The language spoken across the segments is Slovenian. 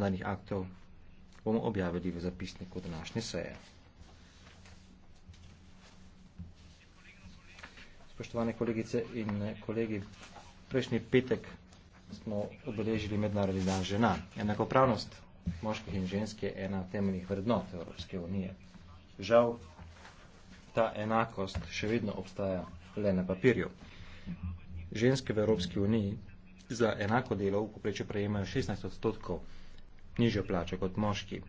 danih aktov bomo objavili v zapisniku današnje seje. Spoštovane kolegice in kolegi, prejšnji petek smo obeležili mednarodni dan žena. Enakopravnost moških in žensk je ena temeljnih vrednot Evropske unije. Žal, ta enakost še vedno obstaja le na papirju. Ženske v Evropski uniji za enako delo v poprečju prejemajo 16 odstotkov nižjo plačo kot moški.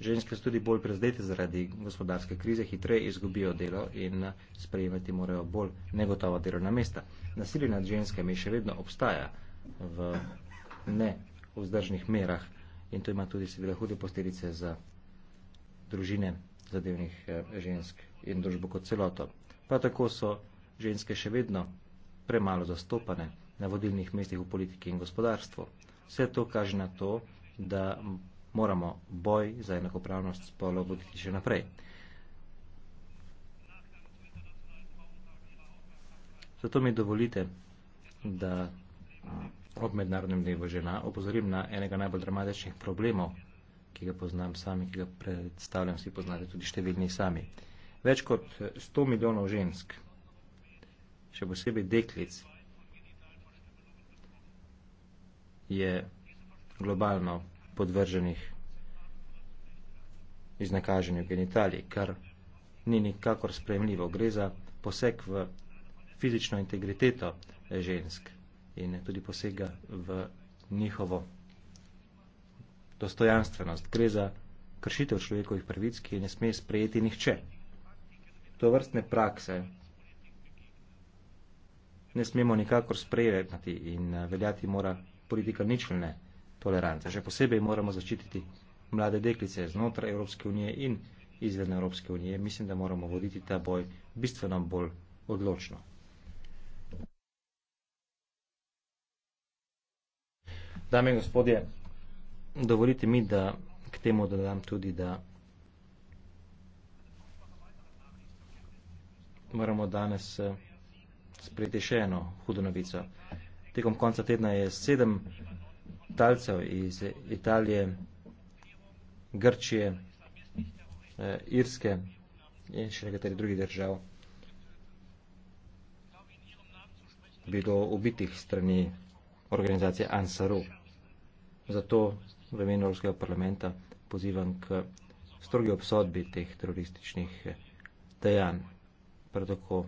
Ženske so tudi bolj prezdete zaradi gospodarske krize, hitreje izgubijo delo in sprejemati morajo bolj negotova delovna mesta. Nasilje nad ženskami še vedno obstaja v neuzdržnih merah in to ima tudi seveda hude posledice za družine zadevnih eh, žensk in družbo kot celoto. Prav tako so ženske še vedno premalo zastopane na vodilnih mestih v politiki in gospodarstvu. Vse to kaže na to, da moramo boj za enakopravnost spolov voditi še naprej. Zato mi dovolite, da ob mednarodnem dnevu žena opozorim na enega najbolj dramatičnih problemov, ki ga poznam sami, ki ga predstavljam, vsi poznate tudi številni sami. Več kot 100 milijonov žensk, še posebej deklic, je globalno podvrženih iznakaženju genitalij, kar ni nikakor spremljivo. Gre za poseg v fizično integriteto žensk in tudi posega v njihovo dostojanstvenost. Gre za kršitev človekovih prvic, ki ne sme sprejeti nihče. To vrstne prakse ne smemo nikakor sprejeti in eh, veljati mora politika ničelne. ne tolerance. Še posebej moramo zaščititi mlade deklice znotraj Evropske unije in izven Evropske unije. Mislim, da moramo voditi ta boj bistveno bolj odločno. Dame in gospodje, dovolite mi, da k temu dodam tudi, da moramo danes eh, sprejeti še eno hudo novico. Tekom konca tedna je sedem talcev iz Italije, Grčije, eh, Irske in še nekateri drugih držav bilo ubitih strani organizacije Ansaru. Zato v imenu Evropskega parlamenta pozivam k strogi obsodbi teh terorističnih eh, dejanj. Prav tako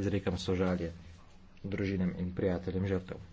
izrekam sožalje družinam in prijateljem žrtev.